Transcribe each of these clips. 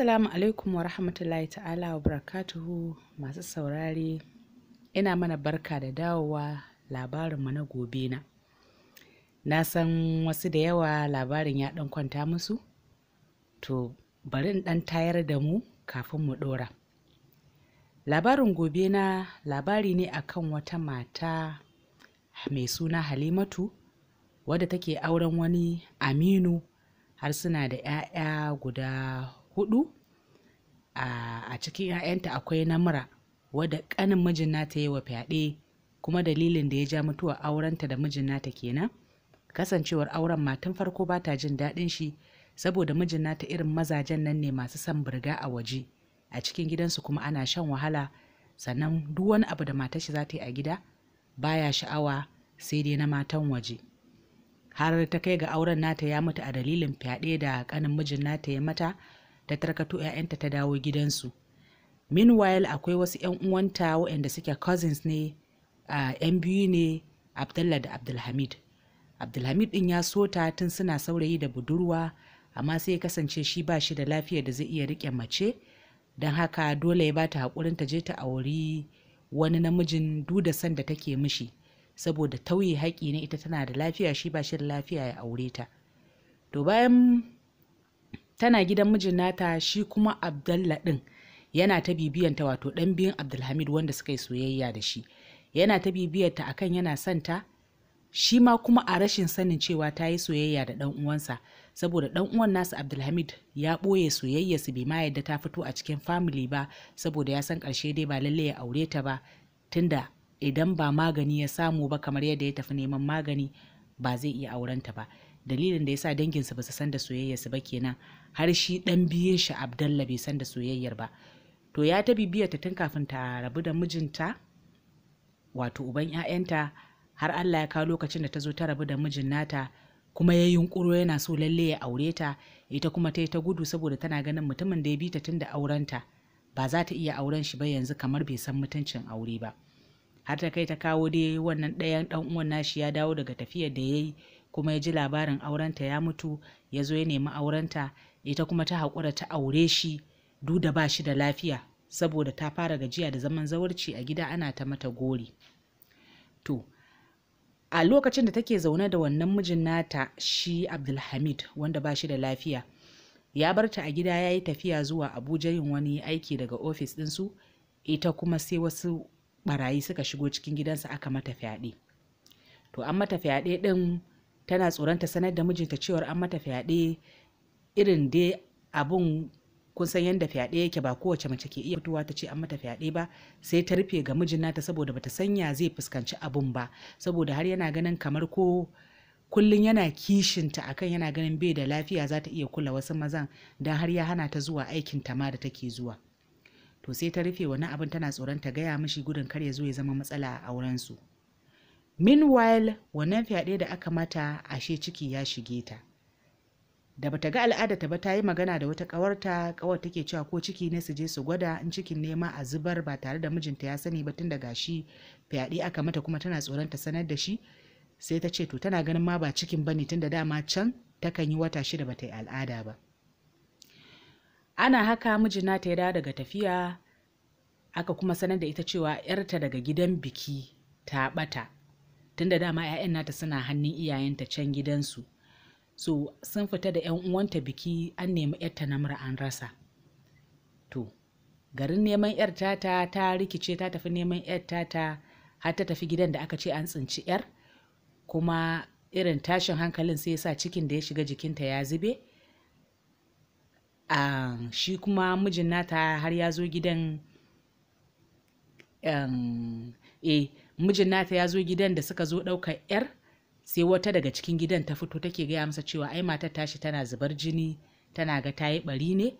Assalamu alaikum wa rahmatullahi ta'ala wa barakatuhu masu saurari. ina mana barka da dawowa labarinmu na gobe na. Na san wasu da yawa labarin ya ɗan kwanta musu, to bari in ɗan tayar da mu kafin mu ɗora. Labarin gobe na labari ne akan wata mata mai suna Halimatu wadda take auren wani Aminu har suna da 'ya'ya guda hudu a cikin 'ya'yanta akwai namura wadda kanin mijin nata yi wa fyaɗe kuma dalilin da ya ja mutuwa aurenta da mijin nata kenan kasancewar auren matan farko ba ta jin daɗin shi saboda mijin nata irin mazajen nan ne masu san birga a waje a cikin gidansu kuma ana shan wahala sannan duk wani abu da matar shi za ta yi a gida baya sha'awa sai dai na matan waje har ta kai ga auren nata ya mutu a dalilin fyaɗe da kanin mijin nata ya mata ta tarkato 'ya'yanta ta dawo gidansu meanwhile akwai wasu 'yan uwanta waɗanda suke cousins ne a 'yan biyu ne abdullah da abdulhamid abdulhamid din ya so ta tun suna saurayi da budurwa amma sai ya kasance shi ba shi da lafiya da zai iya riƙe mace don haka dole ya bata haƙurin ta je ta auri wani namijin duda san da take mishi saboda tauye haƙi ne ita tana da lafiya shi ba shi da lafiya ya aure ta to bayan tana gidan mijin nata shi kuma abdalla ɗin yana ta bibiyanta wato ɗan biyun abdulhamid wanda suka yi soyayya da shi yana ta bibiyarta akan yana son ta shi ma kuma a rashin sanin cewa ta yi soyayya da ɗan uwansa saboda ɗan uwan nasu abdulhamid ya ɓoye soyayya su bai ma yadda ta fito a cikin famili ba saboda ya san karshe dai ba lalle ya aure ta ba tunda idan ba magani ya samu ba kamar yadda ya tafi neman magani ba zai iya aurenta ba dalilin da yasa danginsu ba su san da soyayya su ba kenan har shi ɗan biyun shi abdalla bai san da soyayyar ba to ya ta bibiya ta tun kafin ta rabu da mijinta wato uban 'ya'yanta har allah ya kawo lokacin da ta zo ta rabu da mijin nata kuma ya yunkuro yana so lalle ya aure ta ita kuma ta yi ta gudu saboda tana ganin mutumin da ya bi ta tun da aurenta ba za ta iya auren shi ba yanzu kamar bai san mutuncin aure ba har ta kai ta kawo dai wannan ɗayan ɗan uwan nashi ya dawo daga tafiyar da ya yi kuma ya ji labarin aurenta ya mutu ya zo ya nemi aurenta ita kuma ta haƙura ta aure shi duk da ba shi da lafiya saboda ta fara gajiya da zaman zawarci a gida ana ta mata gori to a lokacin da take zaune da wannan mijin nata shi abdulhamid wanda ba shi da lafiya ya bar ta a gida ya yi tafiya zuwa abuja yin wani aiki daga ofis ɗinsu ita kuma sai wasu barayi suka shigo cikin gidansa aka mata fyaɗe to an mata fyaɗe ɗin tana tsoron ta sanar da mijinta cewar an mata fyaɗe irin dai abun kusan yadda fyaɗe yake ba kowace mace ke iya fitowa ta ce an mata fyaɗe ba sai ta rufe ga mijin nata saboda bata sanya zai fuskanci abun ba saboda har yana ganin kamar ko kullum yana kishinta akan yana ganin bai da lafiya za ta iya kula wasu mazan don har ya hana ta zuwa aikin ta ma da take zuwa to sai ta rufe wani abun tana tsoron ta gaya mishi gudun kar ya zo ya zama matsala a auren su meanwhile wannan fyaɗe da aka mata ashe ciki ya shige ta da bata ga ta ba ta yi magana da wata kawarta kawar take cewa ko ciki ne su je su gwada in cikin nema a zubar ba tare da mijinta ya sani ba tun gashi fyaɗe aka mata kuma tana tsoron ta sanar da shi sai ta ce to tana ganin ma ba cikin bane tunda da dama can takan yi wata shida bata yi al'ada ba ana haka mijina ta ya dawo daga tafiya aka kuma sanar da ita cewa yarta daga gidan biki ta ɓata tunda dama 'ya'yan nata suna hannun iyayenta can gidansu so sun fita da 'yan uwanta biki an nemi 'yarta namra an rasa to garin neman 'yar tata ta rikice ta tafi neman 'yar tata har ta tafi gidan da aka ce an tsinci 'yar kuma irin tashin hankalin sai sa cikin da ya shiga jikinta ya zube shi kuma mijin nata har ya zo gidan e mijin nata ya zo gidan da suka zo ɗaukar 'yar sai wata daga cikin gidan ta fito take gaya masa cewa ai matar tashi tana zubar jini tana ga ta yi bari ne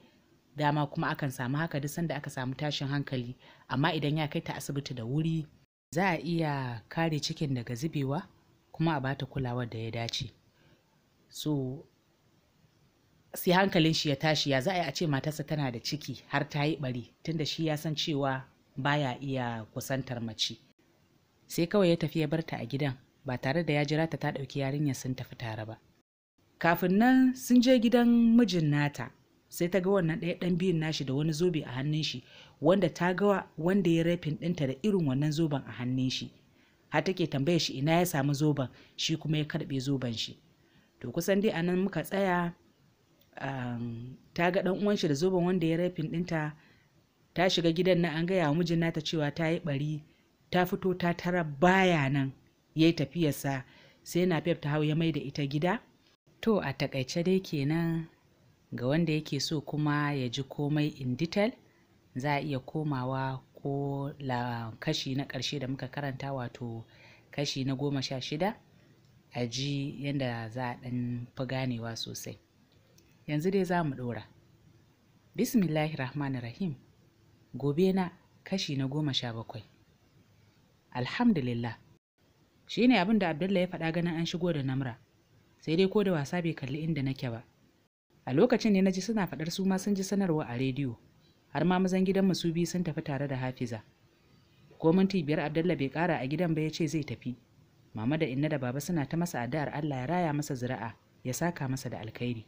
dama kuma akan samu haka duk sanda aka samu tashin hankali amma idan ya kai ta asibiti da wuri za a iya kare cikin daga zubewa kuma a bata kulawar da ya dace so sai hankalin shi ya tashi ya za a yi a ce matarsa tana da ciki har ta yi bari tunda shi ya san cewa baya iya kusantar mace sai kawai ya tafi ya barta a gidan ba tare da ya jira ta ta ɗauki yarinyar sun tafi tare ba kafin nan sun je gidan mijin nata sai ta ga wannan ɗaya ɗan biyun nashi da wani zobe a hannun shi wanda ta ga wanda ya rafin ɗinta da irin wannan zoben a hannun shi har take tambayar shi ina ya samu zoben shi kuma ya karɓe zoben shi to kusan dai anan muka tsaya um, ta ga ɗan uwan shi da zoben wanda ya rafin ɗinta ta shiga gidan nan an gaya wa mijin nata cewa ta yi ɓari ta fito ta tara baya nan ya yi tafiyarsa sai nafef ta hau ya mai da ita gida to a takaice dai kenan ga wanda yake so kuma ya ji komai in detail za a iya komawa ko la kashi na ƙarshe da muka karanta wato kashi na goma sha shida a ji yadda za a ɗan fi ganewa sosai yanzu dai za mu ɗora bismillahi rahmani rahim gobe na kashi na goma sha bakwai alhamdulillah shi ne abin da abdullahi ya faɗa ganin an shigo da namra sai dai ko da wasa bai kalli inda nake ba a lokacin ne na ji suna faɗar su ma sun ji sanarwa a rediyo har ma mazan gidan su biyu sun tafi tare da hafiza ko minti biyar Abdulla bai ƙara a gidan ba ya ce zai tafi mama da inna da baba suna ta masa addu'ar allah ya raya masa zira'a ya saka masa da alkhairi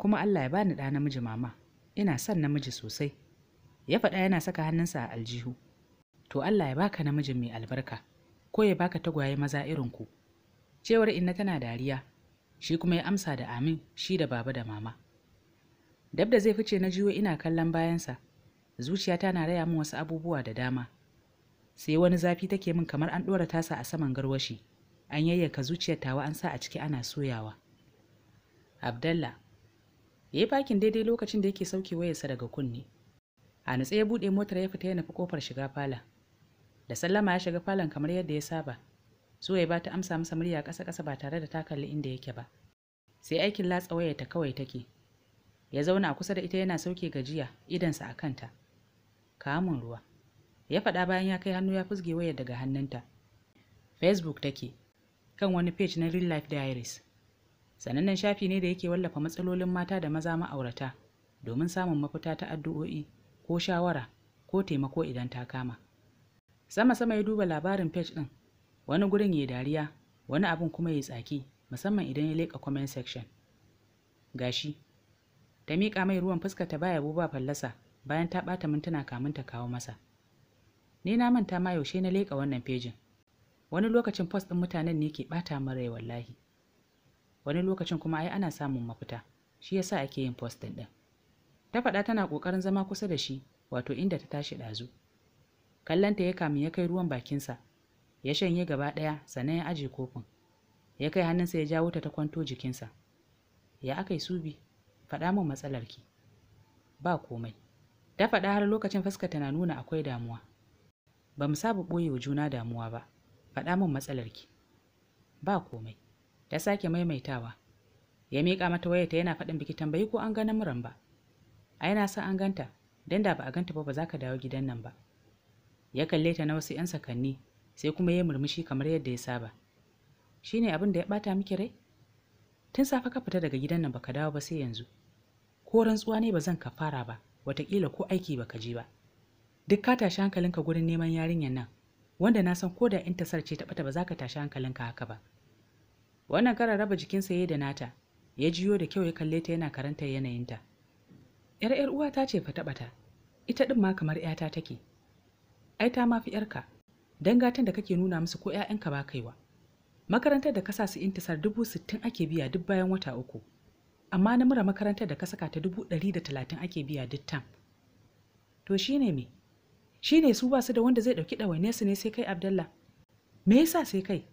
kuma allah ya bani da namiji mama ina son namiji sosai ya faɗa yana saka hannunsa a aljihu to allah ya baka namijin mai albarka ko ya baka tagwaye maza irin ku cewar inna tana dariya shi kuma ya amsa da amin shi da baba da mama dab da zai fice na jiwo ina kallon bayansa zuciyata na raya min wasu abubuwa da dama sai wani zafi take min kamar an ɗora tasa a saman garwashi an yayyanka zuciyar tawa an sa a ciki ana soyawa abdallah ya yi fakin daidai lokacin da yake sauke wayarsa daga kunne a natsa ya buɗe motar ya fita ya nufi kofar shiga fala da sallama ya shiga falon kamar yadda ya saba zuwa ba ta amsa masa murya ƙasa ƙasa ba tare da ta inda yake ba sai aikin latsa wayar ta kawai take ya zauna a kusa da ita yana sauke gajiya idansa a kanta kamun ruwa ya faɗa bayan ya kai hannu ya fusge wayar daga hannunta facebook take kan wani page na real life diaries sanannen shafi ne da yake wallafa matsalolin mata da maza ma'aurata domin samun mafita ta addu'o'i ko shawara ko taimako idan ta kama sama sama ya duba labarin page ɗin wani gurin ya dariya wani abin kuma ya tsaki musamman idan ya leka comment section gashi ta miƙa mai ruwan fuska ta baya buba fallasa bayan ta ɓata mintuna kamun ta kawo masa ni na manta ma yaushe na leka wannan pejin. wani lokacin post ɗin mutanen ne ke ɓata min rai wallahi wani lokacin kuma ai ana samun mafita shi yasa ake yin post ɗin ɗin ta faɗa tana ƙoƙarin zama kusa da shi wato inda ta tashi ɗazu ta ya kamin ya kai ruwan bakinsa ya shanye gaba ɗaya sannan ya aje kofin ya kai hannunsa ya jawo ta ta kwanto jikinsa ya aka yi subi faɗa min matsalar-ki. ba komai ta faɗa har lokacin fuskarta na nuna akwai damuwa ba mu saba ɓoye wa juna damuwa ba faɗa min matsalar-ki. ba komai ta sake maimaitawa ya miƙa mata wayarta yana faɗin biki tambayi ko an ga namuran ba a yana sa an ganta don da ba a ganta ba ba za ka dawo gidan nan ba ya kalle ta na wasu 'yan sakanni sai kuma ya murmushi kamar yadda ya saba shi ne abin da ya bata miki rai tun safe ka fita daga gidan nan baka dawo ba sai yanzu ko rantsuwa ne ba zan ka fara ba wataƙila ko aiki baka je ba duk ka tashi hankalinka gurin neman yarinyar nan wanda na san ko da in tasar ce ta bata ba za ka tashi hankalinka haka ba wannan karar raba jikinsa ya da nata ya jiyo da kyau ya kalle ta yana karantar yanayinta yar yar uwa ta ce fa bata ita din ma kamar 'yata take ai ta mafi yarka dan gatan da kake nuna musu ko 'ya'yanka ba kaiwa makarantar da ka sa su intisar dubu sittin ake biya duk bayan wata uku amma na mura makarantar da ka saka ta dubu ɗari da talatin ake biya duk tam to shi ne me Shi ne su basu da wanda zai ɗauki ɗawaine su ne sai kai abdallah me yasa sai kai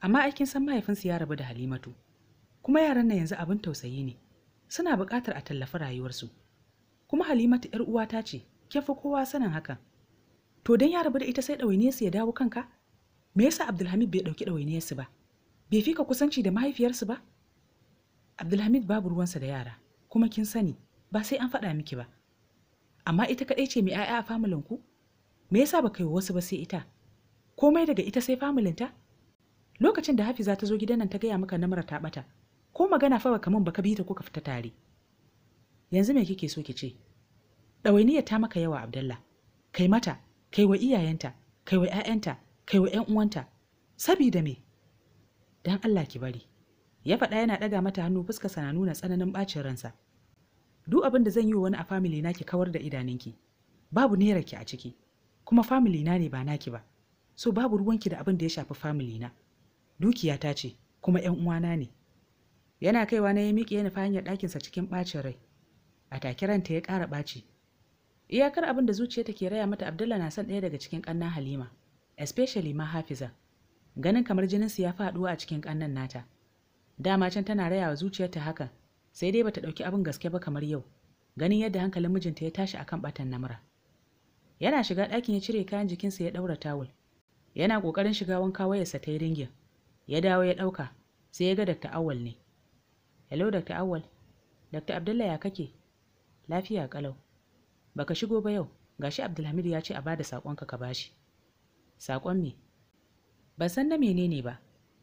amma aikin san mahaifinsu ya rabu da halimatu kuma yaran nan yanzu abin tausayi ne suna buƙatar a tallafi rayuwarsu kuma halimatu 'yar uwata ce ke fi kowa sanin hakan to dan ya rabu da ita sai ɗawainiyarsu ya dawo kanka me yasa abdulhamid bai ɗauki ɗawainiyarsu ba bai fika kusanci da mahaifiyarsu ba abdulhamid babu ruwansa da yara kuma kin sani ba sai an faɗa miki ba amma ita kaɗai ce mai 'ya'ya a familin ku me yasa ba kai wasu ba sai ita komai daga ita sai familinta lokacin da hafiza ta zo gidan nan ta gaya maka namara ta ɓata ko magana fa baka min baka bi ta ko ka fita tare yanzu me kike so ki ce Ɗawainiyar ta maka yawa abdallah kai mata kai wa iyayenta kai wa 'ya'yanta kai wa 'yan uwanta sabida me dan Allah ki bari ya faɗa yana ɗaga mata hannu fuska sana nuna tsananin ɓacin ransa duk abin da zan yi wa wani a famili na ki kawar da idanunki babu naira ki a ciki kuma famili na ne ba naki ba so babu ruwanki da abin da ya shafi famili na ta ce kuma 'yan uwana ne yana kaiwa na ya miƙe ya nufa hanyar ɗakinsa cikin ɓacin rai a take ranta ya ƙara ɓaci iyakar abin da zuciyarta ke raya mata abdullah na son ɗaya daga cikin ƙannan halima especially ma hafiza ganin kamar jininsu ya faɗuwa a cikin ƙannan nata dama can tana raya wa zuciyarta hakan sai dai bata ɗauki abin gaske ba kamar yau ganin yadda hankalin mijinta ya tashi akan ɓatan namura yana shiga ɗakin ya cire kayan jikinsa ya ɗaura tawul yana ƙoƙarin shiga wanka wayarsa ta yi ringin ya dawo ya ɗauka sai ya ga Dr. Awal ne. Hello Dr. Awal, Dr. Abdullahi ya kake? Lafiya kalau. baka shigo ba yau gashi abdulhamid ya ce a bada saƙonka ka bashi saƙon me ban san na menene ba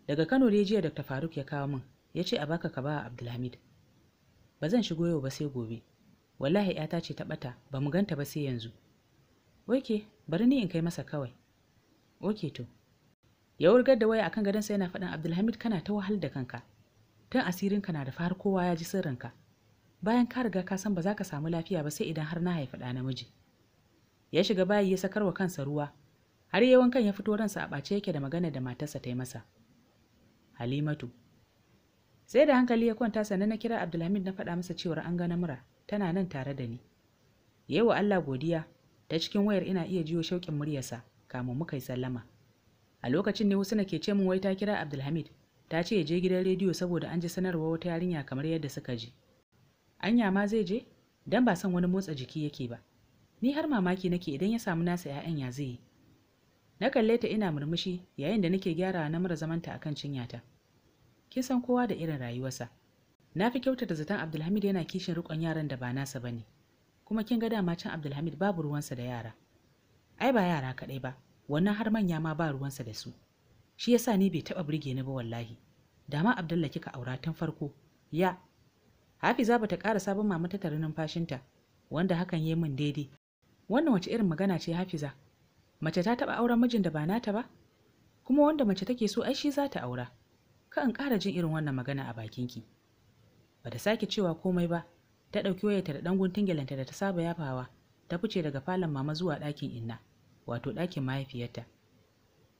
daga kano dai jiya dr faruk ya kawo min ya ce a baka ka ba abdulhamid ba zan shigo yau ba sai gobe wallahi ya ce ta ɓata ba mu ganta ba sai yanzu oke bari ni in kai masa kawai oke to ya wurgar da waya akan gadon sai yana faɗin abdulhamid kana ta wahal da kanka tun asirinka na da har kowa ya ji sirrin ka. bayan ka riga ka san ba za ka samu lafiya ba sai idan har na haifi ɗa namiji ya shiga bayi ya sakar wa kansa ruwa har yawan kan ya fito ransa a ɓace yake da magana da matarsa ta yi masa halimatu sai da hankali ya kwanta sannan na kira abdulhamid na faɗa masa cewar an gana mura tana nan tare da ni yayi wa allah godiya ta cikin wayar ina iya jiyo shauƙin muryarsa kamun muka yi sallama a lokacin ne wasu na ke ce min wai ta kira abdulhamid ta ce ya je gidan rediyo saboda an ji sanarwa wata yarinya kamar yadda suka ji anya ma zai je dan ba son wani motsa jiki yake ba ni har mamaki nake idan ya samu nasa 'ya'yan ya zai yi na kalle ta ina murmushi yayin da nake gyara na mara zamanta akan ta. kin san kowa da irin rayuwarsa na fi kyautata zaton abdulhamid yana kishin rikon yaran da ba nasa ba ne kuma kin ga dama can abdulhamid babu ruwansa da yara ai ba yara kaɗai ba wannan har manya ma ba ruwansa da su shi yasa ni bai taɓa burge ni ba wallahi dama Abdullahi, kika aura tun farko ya hafiza bata ƙara sabon mama ta tare numfashinta wanda hakan ya yi min daidai wannan wace irin magana ce hafiza mace ta taɓa auren mijin da ba nata ba kuma wanda mace take so ai shi za ta aura ka in ƙara jin irin wannan magana a bakinki ba ta sake cewa komai ba ta ɗauki wayarta da ɗan guntun da ta saba yafawa ta fice daga falon mama zuwa ɗakin inna wato ɗakin mahaifiyarta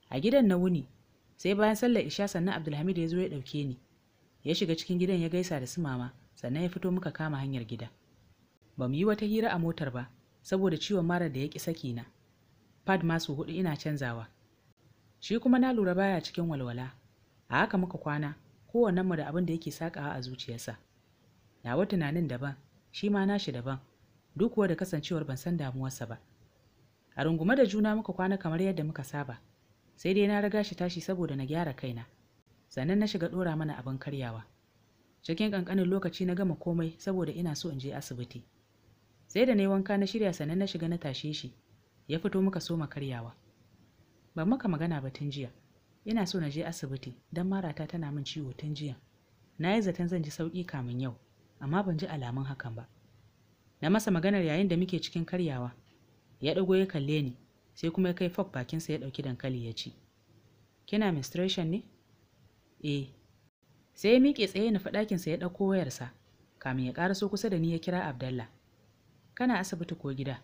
a gidan na wuni sai bayan sallar isha sannan abdulhamid ya zo ya ɗauke ni ya shiga cikin gidan ya gaisa da su mama sannan ya fito muka kama hanyar gida ba mu yi wata hira a motar ba saboda ciwon mara da ya ƙi saki na pad masu hudu ina canzawa shi kuma na lura baya cikin walwala a haka muka kwana mu da abin da yake sakawa a zuciyarsa Na nawa tunanin daban shi ma nashi daban duk kuwa da kasancewar ban san damuwarsa ba a rungume da juna muka kwana kamar yadda muka saba sai dai na riga shi tashi saboda na gyara kaina sannan na shiga ɗora mana abin karyawa cikin kankanin lokaci na gama komai saboda ina so in je asibiti sai da na yi wanka na shirya sannan na shiga na tashe shi ya fito muka so karyawa ban maka magana ba tun jiya ina so na je asibiti don marata tana min ciwo tun jiya na yi zaton zan ji sauƙi kamin yau amma ban ji alamun hakan ba na masa maganar yayin da muke cikin karyawa ya ɗago ya kalle ni sai kuma ya kai fok bakinsa ya ɗauki dankali ya ci kina menstruation ne eh sai ya miƙe tsaye na sa ya ɗauko wayarsa kamin ya so kusa da ni ya kira abdallah kana asibiti ko gida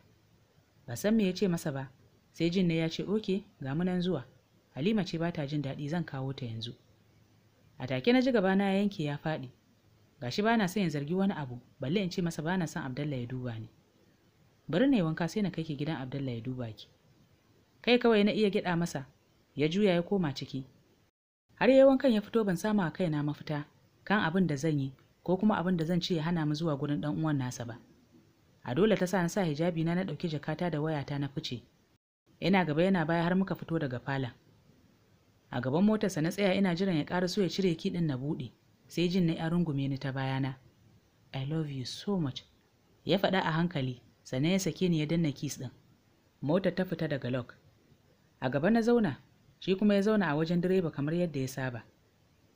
ba san me ya ce masa ba sai jin na ya ce oke ga mu nan zuwa halima ce ba ta jin daɗi zan kawo ta yanzu a take na ji gaba na yanke ya faɗi gashi ba na son ya zargi wani abu balle in ce masa ba na son abdallah ya duba ni bari na yi wanka sai na kai ki gidan abdallah ya duba ki kai kawai na iya gyaɗa masa ya juya ya koma ciki har yayi wankan ya fito ban samu a kaina mafita kan abin da zan yi ko kuma abin da zan ce ya hana mu zuwa gurin dan uwan nasa ba a dole ta sa na sa hijabi na na dauki jakata da wayata na fice yana gaba yana baya har muka fito daga falon. a gaban motarsa na tsaya ina jiran ya ƙara so ya cire kiɗin na buɗe sai jin na ya rungume ni ta bayana i love you so much ya faɗa a hankali sannan ya sake ni ya danna kis ɗin motar ta fita daga lok a gaba na zauna shi kuma ya zauna a wajen direba kamar yadda ya saba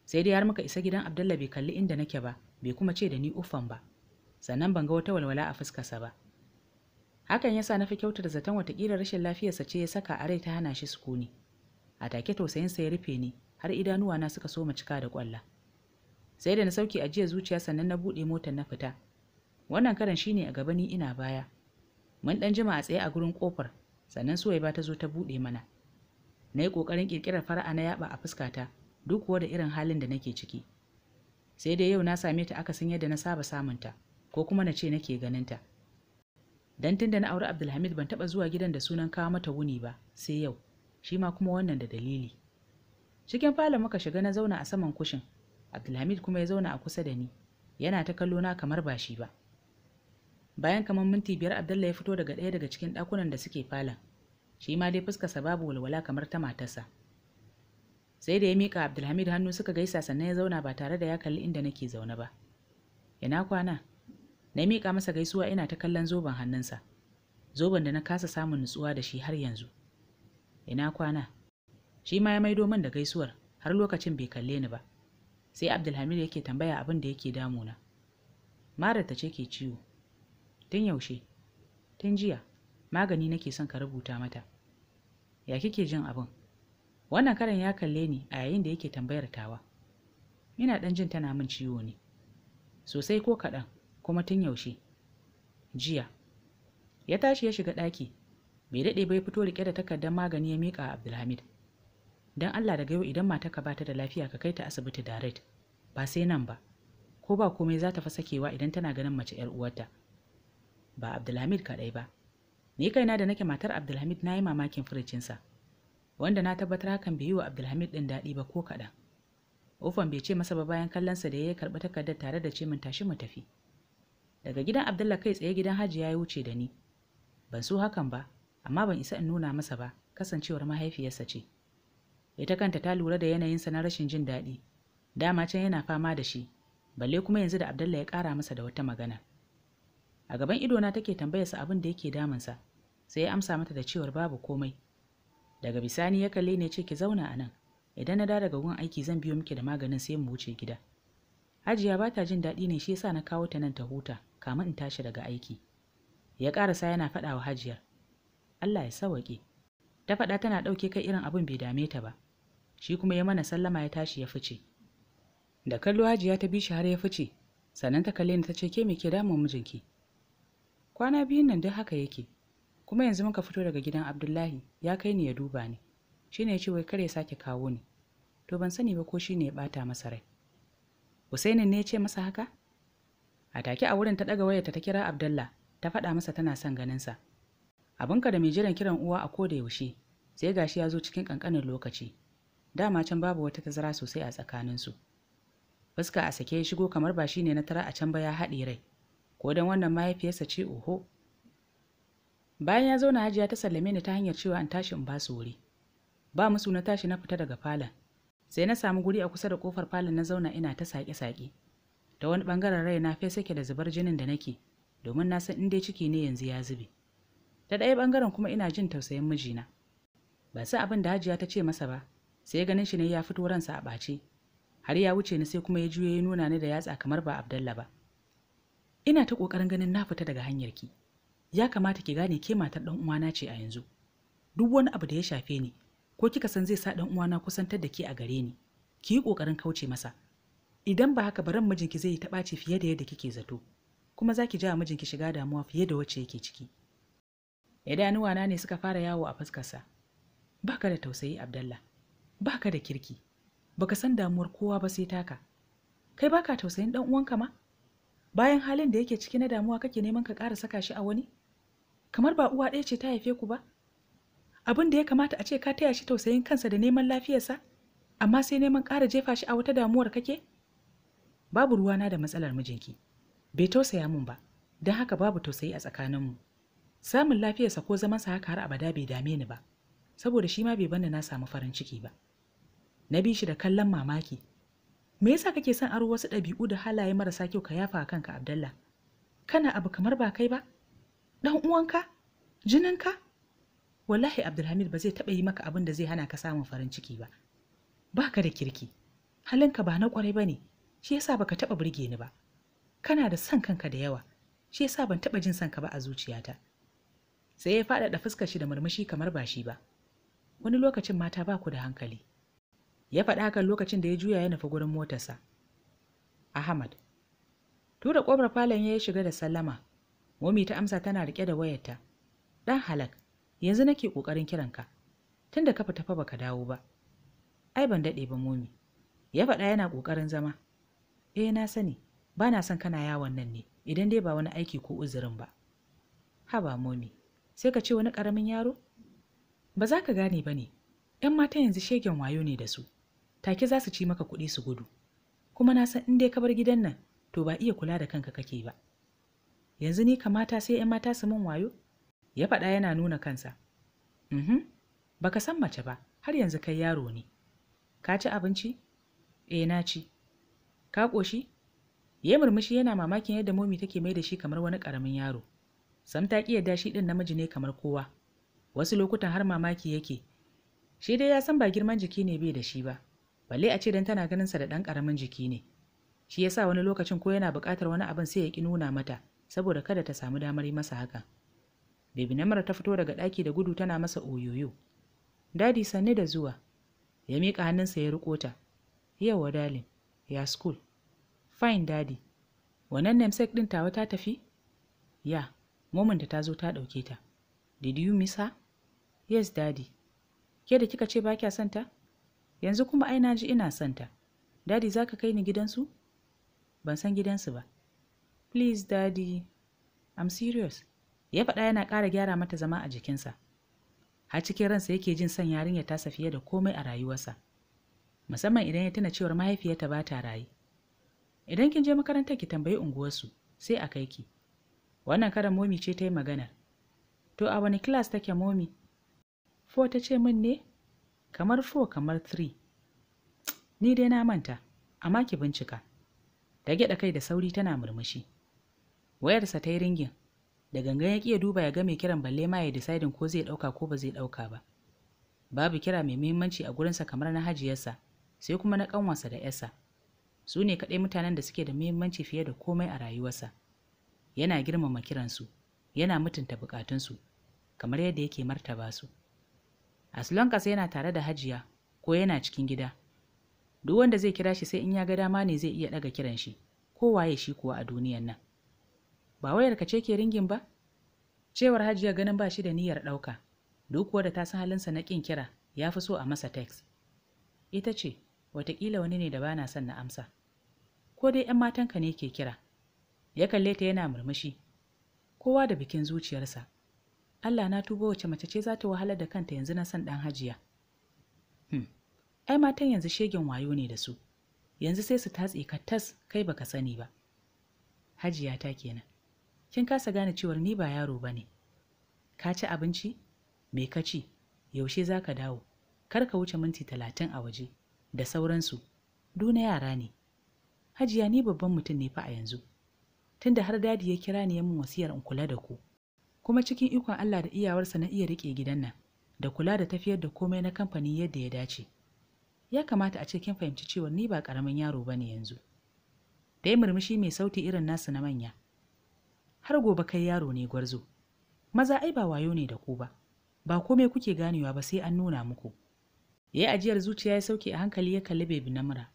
sai dai har muka isa gidan Abdullahi bai kalli inda nake ba bai kuma ce da ni ufan ba sannan ban ga wata walwala a fuskarsa ba hakan yasa na fi kyautar zaton watakila rashin lafiyarsa ce ya saka a rai ta hana shi sukuni a take tausayinsa ya rufe ni har idanuwa na suka so mu cika da kwalla sai da na sauke ajiyar zuciya sannan na buɗe motar na fita wannan karan shine a gaba ni ina baya mun dan jima a tsaye a gurin kofar sannan suwaiba ta zo ta buɗe mana na yi ƙoƙarin ƙirƙirar fara'a na yaɓa a fuskata duk kuwa da irin halin da nake ciki sai dai yau na same ta aka akasin yadda na saba samunta ko kuma na ce nake ganinta dan tunda na auri abdulhamid ban taɓa zuwa gidan da sunan kawo mata wuni ba sai yau shi ma kuma wannan da dalili cikin falon muka shiga na zauna a saman kushin abdulhamid kuma ya zauna a kusa da ni yana ta kallo na kamar ba shi ba bayan kamar minti biyar abdullahi ya fito daga ɗaya daga cikin ɗakunan da suke falon shi ma dai fuskarsa babu walwala kamar ta matarsa sai da ya miƙa abdulhamid hannu suka gaisa sannan ya zauna ba tare da ya kalli inda nake zaune ba ina kwana na miƙa masa gaisuwa ina ta kallon zoben hannunsa zoben da na kasa samun nutsuwa da shi har yanzu ina kwana shi ma ya maido min da gaisuwar har lokacin bai kalle ni ba sai abdulhamid yake tambaya abin da yake damuna marar ta ce ke ciwo tun yaushe tun jiya magani nake son ka rubuta mata ya kike jin abin wannan karan ya kalle ni a yayin da yake tambayar tawa ina ɗan jin tana min ciwo ne sosai ko kaɗan kuma tun yaushe jiya ya tashi ya shiga ɗaki bai daɗe bai fito riƙe da takardar magani ya mika abdulhamid don allah daga yau idan matarka ba ta da lafiya ka kai ta asibiti direct ba sai nan ba ko ba komai za ta fa sakewa idan tana ganin mace 'yar uwarta ba abdulhamid kaɗai ba ni kaina da nake matar abdulhamid na yi mamakin furicinsa wanda na tabbatar hakan bai yi wa abdulhamid ɗin daɗi ba ko kaɗan ofan bai ce masa ba bayan sa da ya karɓi takardar tare da ce min tashi mu tafi daga gidan abdullah kai tsaye gidan hajiya ya wuce da ni ban so hakan ba amma ban isa in nuna masa ba kasancewar mahaifiyarsa ce ita kanta ta lura da yanayinsa na rashin jin daɗi dama can yana fama da shi balle kuma yanzu da abdullah ya kara masa da wata magana a gaban idona take tambayarsa abin da yake damunsa sai ya amsa mata da cewar babu komai daga bisani ya kalle ne ce ki zauna a nan idan na dawo daga gun aiki zan biyo miki da maganin sai mu wuce gida hajiya ba ta jin daɗi ne shi yasa na kawo ta nan ta huta kamin in tashi daga aiki ya ƙarasa yana faɗawa hajiyar allah ya sawaƙe ta faɗa tana ɗauke kai irin abin bai dame ta ba shi kuma ya mana sallama ya tashi ya fice da kallo hajiya ta bi shi har ya fice sannan ta kalle ni ta ce ke me ke damun mijinki kwana biyun nan duk haka yake kuma yanzu muka fito daga gidan abdullahi ya kai ni ya duba ni shi ne ya ce wai kar ya sake kawo ni to ban sani ba ko shi ne ya ɓata masa rai husainin ne ya ce masa haka a take a wurin ta ɗaga wayarta ta kira abdullah ta faɗa masa tana son ganinsa ka da mai jiran kiran uwa a koda yaushe sai gashi ya zo cikin ƙanƙanin lokaci dama can babu wata tazara sosai a tsakaninsu fuska a sake ya shigo kamar ba shi ne na tara a can ba ya haɗe rai ko don wannan mahaifiyarsa ce oho bayan ya zauna hajiya ta sallame ni ta hanyar cewa an tashi in ba su wuri ba musu na tashi na fita daga falon sai na samu guri a kusa da kofar falon na zauna ina ta saƙe-saƙe ta wani ɓangaren rai na fesa ke da zubar jinin da nake domin na san in dai ciki ne yanzu ya zube ta ɗaya ɓangaren kuma ina jin tausayin mijina Ban sai abin da hajiya ta ce masa ba sai ganin shi ne ya fito ransa a ɓace har ya wuce ni sai kuma ya juyo ya nuna ni da yatsa kamar ba abdalla ba ina ta ƙoƙarin ganin na fita daga hanyar ki ya kamata ki gane ke matar dan uwana ce a yanzu duk wani abu da ya shafe ni ko kika san zai sa dan uwana kusantar da ke a gare ni ki yi kokarin kauce masa idan ba haka baran mijinki zai yi ta ɓaci fiye da yadda kike zato kuma za ki ja mijinki shiga damuwa fiye da wacce yake ciki idanuwana ne suka fara yawo a fuskarsa baka da tausayi abdallah baka da kirki baka san damuwar kowa ba sai taka kai baka tausayin dan uwanka ma bayan halin da yake ciki na damuwa kake neman ka ƙara saka shi a wani kamar ba uwa ɗaya ce ta haife ku ba abin da ya kamata a ce ka taya shi tausayin kansa da neman lafiyarsa amma sai neman ƙara jefa shi a wata damuwar kake babu ruwana da matsalar mijinki bai tausaya min ba don haka babu tausayi a tsakaninmu samun lafiyarsa ko zamansa haka har abada bai dame ni ba saboda shi ma bai bani na samu farin ciki ba na bi shi da kallon mamaki me yasa kake son aro wasu ɗabi'u da halaye marasa kyau ka yafa kanka abdallah kana abu kamar ba kai ba dan uwanka jininka wallahi abdulhamid ba zai taɓa yi maka abin da zai hana ka samun farin ciki ba baka da kirki halinka ba na kwarai ba ne shi yasa baka taɓa burge ni ba kana da san kanka da yawa shi yasa ban taɓa jin son ka ba a zuciyata sai ya faɗaɗa fuskar shi da murmushi kamar ba shi ba wani lokacin mata ba ku da hankali ya faɗa kan lokacin da ya juya ya nufi gurin motarsa ahmad tura ƙofar falon ya shiga da sallama Momi ta amsa tana riƙe da wayarta. Dan halak, yanzu nake ƙoƙarin ka. Tunda ka fita fa baka dawo ba. Ai ban daɗe ba Momi. Ya faɗa yana ƙoƙarin zama. Eh na sani, ba na son kana yawon nan ne idan dai ba wani aiki ko uzurin ba. Haba Momi, sai ka ce wani ƙaramin yaro? Ba za ka gane ba ne, ‘yan mata yanzu shegen wayo ne da su, take za su ci maka kuɗi su gudu, kuma na san in dai ka bar gidan nan to ba iya kula da kanka kake ba. yanzu ni kamata sai 'yan mata su min wayo ya faɗa yana nuna kansa mhm baka san mace ba har yanzu kai yaro ne ka ci abinci eh na ci ka ƙoshi ya murmushi yana mamakin yadda momi take mai da shi kamar wani ƙaramin yaro sam ta ƙi yadda shi ɗin namiji ne kamar kowa wasu lokutan har mamaki yake shi dai ya san ba girman jiki ne bai da shi ba balle a ce dan tana ganin sa da ɗan ƙaramin jiki ne shi yasa wani lokacin ko yana buƙatar wani abin sai ya ƙi nuna mata saboda kada ta samu damar yi masa hakan bebi mara ta fito daga ɗaki da gudu tana masa oyoyo dadi sanne da zuwa ya miƙa hannunsa ya riƙo ta yawa dalin ya school fine dadi wannan namesake ɗin tawa ta tafi ya mominta ta zo ta ɗauke ta did you miss her yes daddy ke da kika ce ba kya son ta yanzu kuma ai na ji ina son ta dadi za ka kai ni gidansu ban san gidansu ba Please daddy, I'm serious. Ya faɗa yana ƙara gyara mata zama a jikinsa. Har cikin ransa yake jin son yarinya tasa fiye da komai a rayuwarsa. Musamman idan ya tuna cewar mahaifiyarta ba ta rayu. Idan kin je makarantar ki tambayi unguwarsu, sai a kai ki. Wannan karan momi ce ta yi maganar. To a wani class take momi? Fo ta ce min ne? Kamar fo kamar tiri. Ni dai na manta, amma ki bincika. Ta gyaɗa kai da sauri tana murmushi. wayarsa ta yi ringin da gangan ya ya duba ya ga mai kiran balle ma ya disaidin ko zai ɗauka ko ba zai ɗauka ba babu kira mai muhimmanci a gurinsa kamar na hajiyarsa sai kuma na ƙanwarsa da yarsa su ne kaɗai mutanen da suke da muhimmanci fiye da komai a rayuwarsa yana girmama kiransu yana mutunta buƙatunsu kamar yadda yake martaba su kasa yana tare da hajiya ko yana cikin gida duk wanda zai kira shi sai in ya ga dama ne zai iya ɗaga kiran shi ko waye shi kuwa a duniyar nan ba wayarka ce ke ringin ba cewar hajiya ganin ba shi da niyyar ɗauka duk kuwa da ta san halinsa na ƙin kira ya fi so a masa text ita ce watakila wani ne da ba na son na amsa ko dai 'yan matanka ne ke kira ya kalle ta yana murmushi kowa da bikin zuciyarsa Allah na tuba wace mace ce za ta wahalar da kanta yanzu na san ɗan hajiya hmm. ai matan yanzu shegen wayo ne da su yanzu sai su tatse ka tas kai baka sani ba hajiya ta kenan kin kasa gane cewar ni ba yaro ba ne ka ci abinci me ka ci yaushe za ka dawo kar ka wuce minti talatin a waje da sauransu du na yara ne hajiya ni babban mutum ne fa a yanzu tunda har dadi ya kira ni ya min wasiyar in kula da ku kuma cikin ikon Allah da iyawarsa na iya rike gidan nan da kula da tafiyar da komai na kamfani yadda ya dace ya kamata a ce kin fahimci cewar ni ba karamin yaro bane yanzu da ya murmushi mai sauti irin nasu na manya har gobe kai yaro ne gwarzo maza ai ba wayo ne da ku ba ba komai kuke ganewa ba sai an nuna muku yayi ajiyar zuciya ya sauke a hankali ya kalli baby namura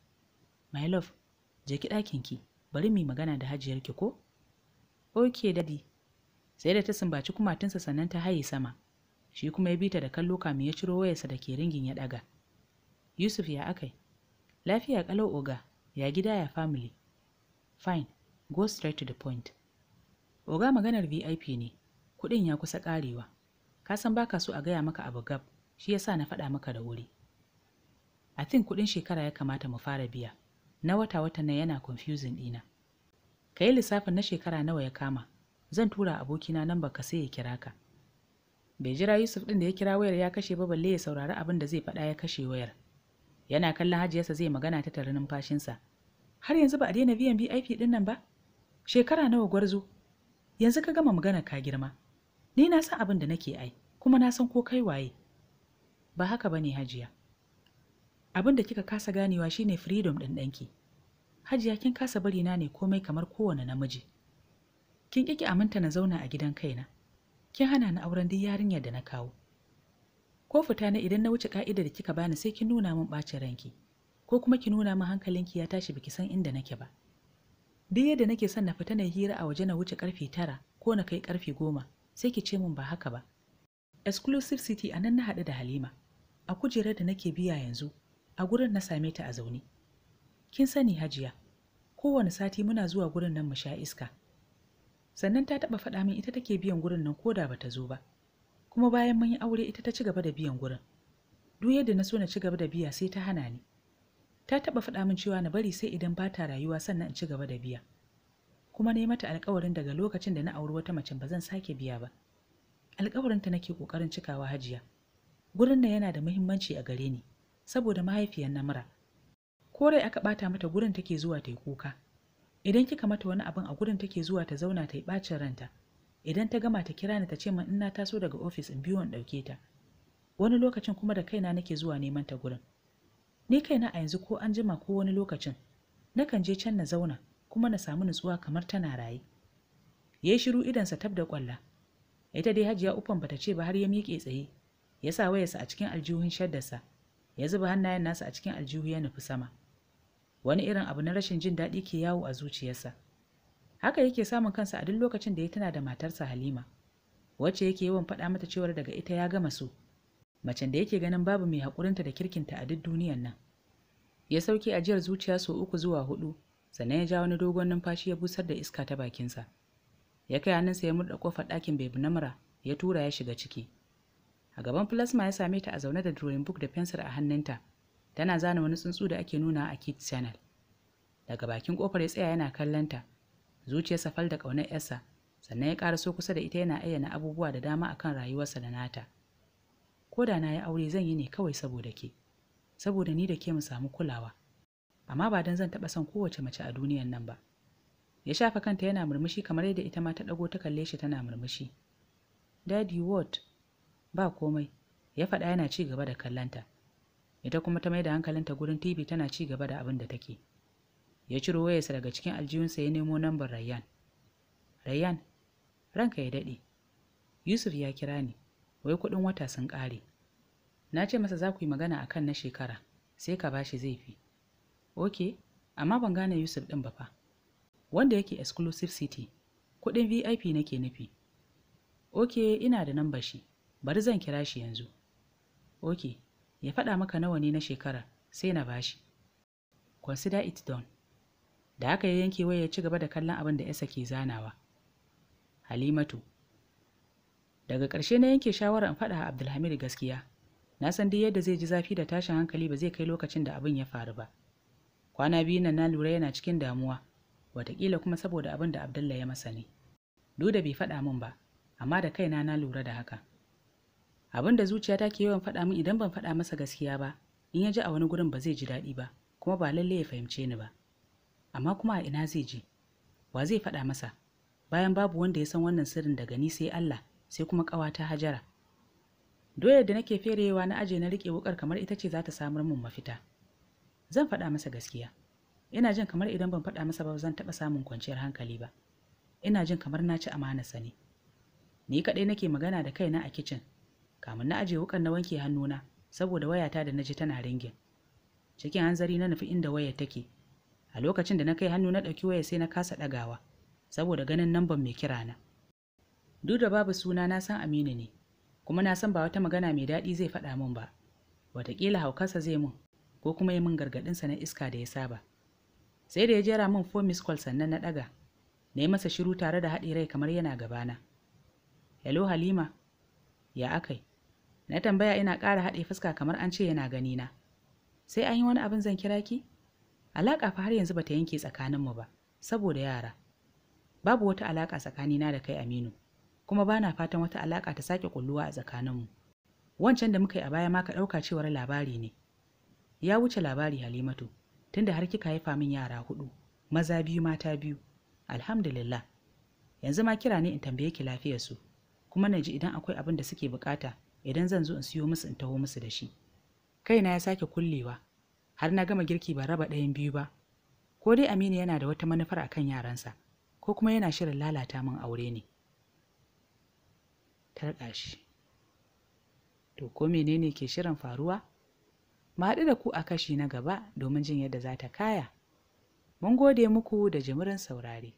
my love je ki ɗakin ki bari mu magana da hajiyar ki ko O'ke dadi sai da ta sumbaci kumatunsa sannan ta haye sama shi kuma ya bi ta da kallo kamin ya ciro wayarsa da ke ringin ya ɗaga yusuf ya akai lafiya ƙalau, oga ya gida ya family fine go straight to the point oga maganar vip ne kuɗin ya kusa ƙarewa ka san baka so a gaya maka abu gab shi yasa na faɗa maka da wuri a tin kuɗin shekara ya kamata mu fara biya na wata wata nan yana confusing ɗina ka yi lissafin na shekara nawa ya kama zan tura abokina nan ka sai ya kira ka bai jira yusuf ɗin da ya kira wayar ya kashe ba balle ya saurari abin da zai faɗa ya kashe wayar yana kallon hajiyarsa zai magana ta tare numfashinsa har yanzu ba a daina biyan vip ɗin nan ba shekara nawa gwarzo yanzu ka gama magana ka girma ni na san abin da nake ai kuma na san ko kai waye ba haka bane hajiya abin da kika kasa ganewa shine freedom ɗin ɗanki hajiya kin kasa bari na ne komai kamar kowane namiji kin kike aminta na zauna a gidan kaina kin hana ni auren duk yarinyar da na kawo ko fita na idan na wuce ka'ida da kika bani sai kin nuna min bacin ranki ko kuma ki nuna min hankalinki ya tashi biki san inda nake ba duk yadda nake son na fita na hira a waje na wuce karfe tara ko na kai karfe goma sai ki ce min ba haka ba exclusive city a nan na haɗu da halima a kujerar da nake biya yanzu a gurin na same ta a zaune kin sani hajiya kowane sati muna zuwa gurin nan mu sha iska sannan ta taɓa faɗa min ita take biyan gurin nan ko da ba ta zo ba kuma bayan mun yi aure ita ta ci gaba da biyan gurin duk yadda na so na ci gaba da biya sai ta hana ni ta taɓa faɗa min cewa na bari sai idan ba ta rayuwa sannan in ci gaba da biya kuma na yi mata alkawarin daga lokacin da na auri wata mace ba zan sake biya ba alkawarinta nake ƙoƙarin cikawa hajiya gurin nan yana da muhimmanci a gare ni saboda mahaifiyar namura rai aka ɓata mata gurin take zuwa ta yi kuka idan kika mata wani abin a gurin take zuwa ta zauna ta yi ɓacin ranta idan ta gama ta kira ni ta ce min in na taso daga ofis in biyo in ɗauke ta wani lokacin kuma da kaina nake zuwa neman ta gurin ni kaina a yanzu ko an jima ko wani lokacin nakan je can na zauna kuma na samu nutsuwa kamar tana raye ya yi shiru idansa tab da kwalla ita dai hajiya ufan bata ce ba har ya miƙe tsaye ya sa wayarsa a cikin aljihun shaddarsa ya zuba hannayen nasa a cikin aljihu ya nufi sama wani irin abu na rashin jin daɗi ke yawo a zuciyarsa haka yake samun kansa a duk lokacin da ya tana da matarsa halima wacce yake yawan faɗa mata cewar daga ita ya gama so macen da yake ganin babu mai haƙurinta da kirkinta a duk duniyan nan ya sauke ajiyar zuciya sau uku zuwa hudu sannan ya ja wani dogon numfashi ya busar da iska ta bakinsa ya kai hannunsa ya murda kofar ɗakin na mura, ya tura ya shiga ciki a gaban plasma ya same ta a zaune da drawing book da fensir a hannunta tana zana wani tsuntsu da ake nuna a KIT channel daga bakin kofar ya tsaya yana kallonta zuciyarsa fal da ƙaunar yarsa sannan ya ƙara so kusa da ita yana ayyana abubuwa da dama akan rayuwarsa da nata ko da na yi aure zan yi ne kawai saboda ke saboda ni da ke mu samu kulawa amma ba don zan taɓa son kowace mace a duniyan nan ba ya shafa kanta yana murmushi kamar yadda ita ma ta ɗago ta kalle shi tana murmushi daddy what ba komai ya faɗa yana ci gaba da kallanta ita kuma ta maida hankalinta gurin tv tana ci gaba da abin da take ya ciro wayarsa daga cikin aljihunsa ya nemo lambar rayyan rayyan ranka ya daɗe yusuf ya kira ni wai kuɗin wata sun ƙare na ce masa za ku yi magana akan na shekara sai ka bashi zai fi ok amma ban gane yusuf ɗin ba fa wanda yake exclusive city kuɗin vip nake nufi ok ina da nan shi bari zan kira shi yanzu ok ya faɗa maka nawa ne na shekara sai na bashi consider it done da haka ya yanke waya ya ci gaba da kallon abin da yasa ke zanawa halimatu daga ƙarshe na yanke shawarar in faɗa abdulhamid gaskiya na san dai yadda zai ji zafi da tashin hankali ba zai kai lokacin da abin ya faru ba kwana biyu na, na lura yana cikin damuwa watakila kuma saboda abin da Abdulla ya masa ne duk bai faɗa min ba amma da kaina na lura da haka abin da zuciyata ke yawan faɗa min idan ban faɗa masa gaskiya ba in ya ji a wani gurin ba zai ji daɗi ba kuma ba lallai ya fahimce ni ba amma kuma a ina zai je wa zai faɗa masa bayan babu wanda ya san wannan sirrin daga ni sai Allah sai kuma ƙawata Hajara doyar da nake ferewa na aje na rike wukar kamar ita ce za ta samar min mafita zan faɗa masa gaskiya ina jin kamar idan ban faɗa masa ba zan taɓa samun kwanciyar hankali ba ina jin kamar na ci amanarsa sani. ni kaɗai nake magana da kaina a kicin kamun na aje wukan na wanke hannuna saboda wayata da na ji tana ringin cikin hanzari na nufi inda wayar take a lokacin da na kai hannu na ɗauki wayar sai na kasa ɗagawa saboda ganin namban mai kira na duk da babu suna na san aminu ne kuma na san ba wata magana mai daɗi zai faɗa min ba wataƙila haukarsa zai mun ko kuma yi min gargaɗinsa na iska da ya saba sai da ya jera min fo miss call sannan na ɗaga na yi masa shiru tare da haɗe rai kamar yana gabana hello halima ya akai na tambaya ina ƙara haɗe fuska kamar an ce yana gani na sai an yi wani abin zan kira ki alaƙa fa har yanzu bata yanke tsakaninmu ba saboda yara babu wata alaƙa tsakanina da kai aminu kuma ba na fatan wata alaƙa ta sake kulluwa a tsakaninmu wancan da muka yi a baya ma ka ɗauka cewar labari ne ya wuce labari halimatu tunda har kika haifa min yara hudu maza biyu mata biyu alhamdulillah yanzu ma kira ne in tambaye ki lafiyar su. kuma na ji idan akwai abin da suke bukata idan zan zo in siyo musu in taho musu da shi kaina ya sake kullewa har na gama girki ba raba ɗayan biyu ba ko dai aminu yana da wata manufar akan yaransa ko kuma yana shirin lalata min aure ne ta raɗa shi to ko menene ke shirin faruwa mu da ku a kashi na gaba domin jin yadda za ta kaya mun gode muku da jimirin saurare